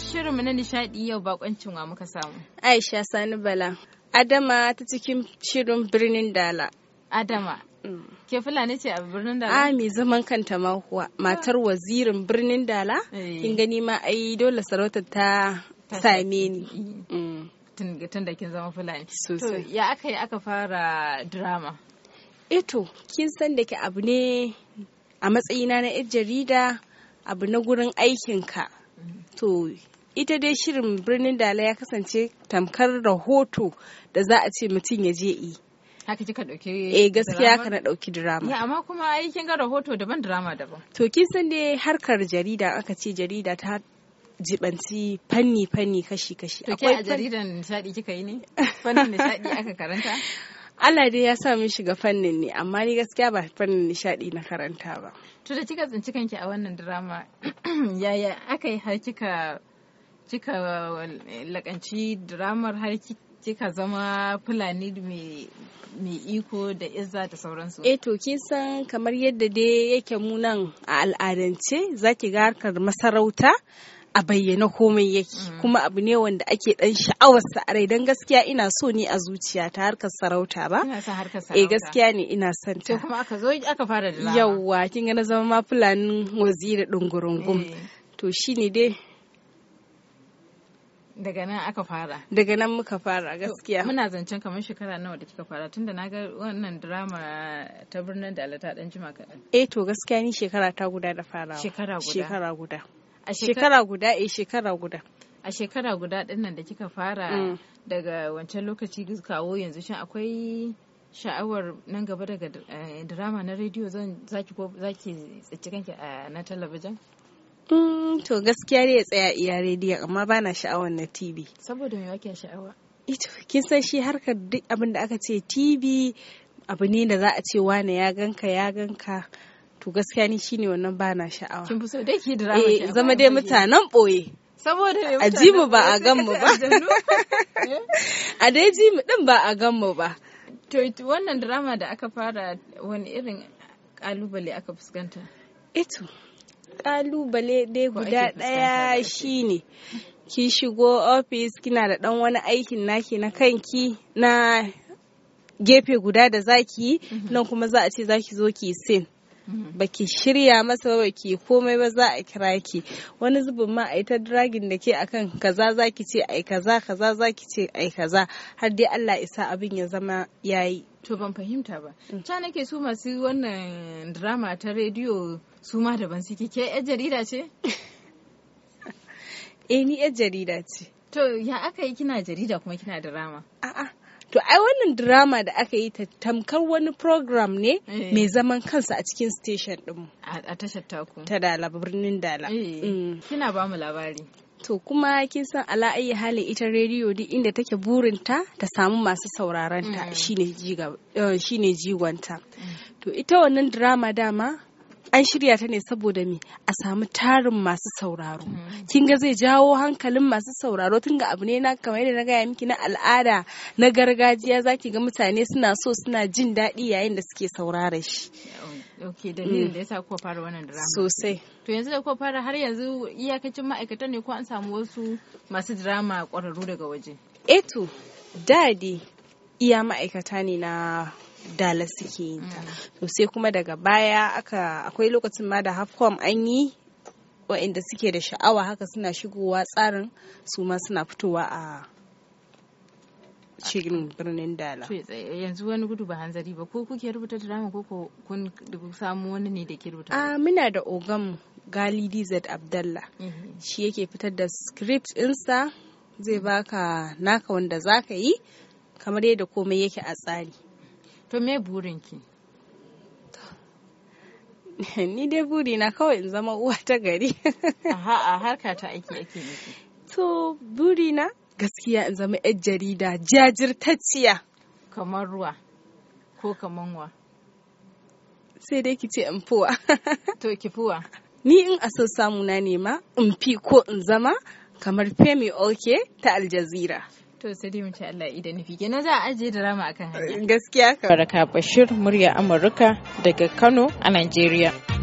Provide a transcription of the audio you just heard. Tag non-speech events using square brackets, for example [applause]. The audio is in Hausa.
shirinmu na nishadi yau bakoncin wa muka samu. Aisha Sani Bala. Adama ta cikin shirin birnin Dala. Adama. Mm. Ke Fulani ce a birnin Dala? A mai zaman kanta ma kuwa. Matar wazirin birnin Dala. Eh. Kin gani ma ai dole sarauta ta same ni. Mm. Tun da kin zama Fulani. Sosai. Ya aka yi aka fara drama? Eto, eh kin san da ke abu ne a matsayina na 'yar jarida abu na gurin aikinka. to ita dai shirin birnin dala ya kasance tamkar rahoto da za a ce mutum ya je yi haka kika drama? eh gaskiya ka na dauki drama ya amma kuma ai kin ga rahoto daban drama daban to kin san dai harkar jarida aka ce jarida ta jibanci fanni fanni kashi kashi akwai a jaridan nishadi kika yi ne fannin nishadi aka karanta [laughs] Allah dai ya sa min shiga fannin ne amma ni gaskiya ba fannin nishadi na karanta ba. To da kika tsinci ki a wannan drama [clears throat] yaya aka yi har kika kika lakanci dramar har kika zama fulani mai iko da izza da sauransu. eh to kin san kamar yadda dai yake munan a al'adance zaki ga harkar masarauta a bayyana komai yake mm. kuma abu ne wanda ake dan sha'awarsa a rai don gaskiya ina so ni a zuciya ta harkar sarauta ba eh gaskiya ne ina son ta kuma aka zo aka fara da yawa kin ga na zama ma fulanin waziri dungurungum eh. to shine dai daga nan aka fara daga nan muka fara gaskiya muna zancen kamar shekara nawa da kika fara tunda na ga wannan drama ta birnin da alata dan jima kaɗan eh to gaskiya ni shekara ta guda da farawa shekara guda shekara guda a eh, shekara guda a shekara guda a shekara guda nan da kika fara mm. daga wancan lokaci kawo yanzu shin akwai sha'awar nan gaba daga eh, drama na rediyo zan zaki ko zaki tsici kanki a na talabijin mm, to gaskiya ne ya tsaya iya rediyo amma bana sha'awar na tv saboda me wake sha'awa ito kin san shi harkar duk abin da aka ce tv abu ne da za a ce wane ya ganka ya ganka to gaskiya ni shine wannan ba na sha'awa kin fi so dai ki drama eh zama dai mutanen boye saboda me a ji mu ba a gan mu ba [laughs] eh. a dai ji mu din ba a gan mu ba to wannan drama da aka fara wani irin kalubale aka fuskanta eto kalubale dai guda daya shine ki shigo office kina da dan wani aikin naki na kanki na gefe guda da zaki mhm. nan kuma za a ce zaki zo ki sin baki shirya masa ba komai ba za a kira ki wani zubin ma a yi ta dragin da ke akan kaza za ki ce ai kaza kaza za ki ce ai kaza har dai Allah isa abin ya zama yayi to ban fahimta ba mm. ta nake su masu wannan drama ta rediyo su ma daban suke ke yan jarida ce [laughs] eh ni yan jarida ce to ya aka yi kina jarida kuma kina drama a'a to ai wannan drama da aka yi ta tamkar wani program ne eh. mai zaman kansa a cikin station din a tashar taku ta dala birnin dala eh. mm. kina ba mu labari to kuma kin san ala ayi halin ita rediyo duk inda take burinta ta samu masu sauraron ta mm. eh, shine jigonta mm. to ita wannan drama dama an shirya ta ne saboda me a samu tarin masu sauraro mm-hmm. kin ga zai jawo hankalin masu sauraro tun ga abu ne na kamar yadda na gaya miki na al'ada na gargajiya zaki ga mutane suna so suna jin daɗi yayin da suke saurara shi ok dalilin mm. da yasa kuka fara wannan drama sosai to yanzu da kuka fara har yanzu iyakacin ma'aikatan ne ko an samu wasu masu drama ƙwararru daga waje eto eh dadi iya ma'aikata ne na dala suke yin ta mm. to sai kuma daga baya aka akwai lokacin ma da hafcom an yi wa'inda suke da sha'awa haka suna shigowa tsarin su ma suna fitowa a cikin birnin dala eh, yanzu wani gudu ba hanzari ba ko kuke rubuta drama ko kun samu wani ne da ke rubuta a ah, muna da ogam gali dz abdallah mm-hmm. shi yake fitar da script insa zai baka naka wanda zaka yi kamar yadda komai yake a tsari to me burinki [laughs] ni dai burina kawai in zama uwa ta gari [laughs] a harka ta aiki ake to to burina gaskiya in zama yar jarida jajirtacciya kamar ruwa ko kamar wa sai dai ki ce in fuwa [laughs] to ki fuwa ni in a son samu na nema in fi ko in zama kamar femi oke ta aljazira To sai dai mace Allah idan nufi kenan za a ajiye drama akan hanya. Gaskiya ka. Baraka Bashir murya Amurka daga Kano a Najeriya.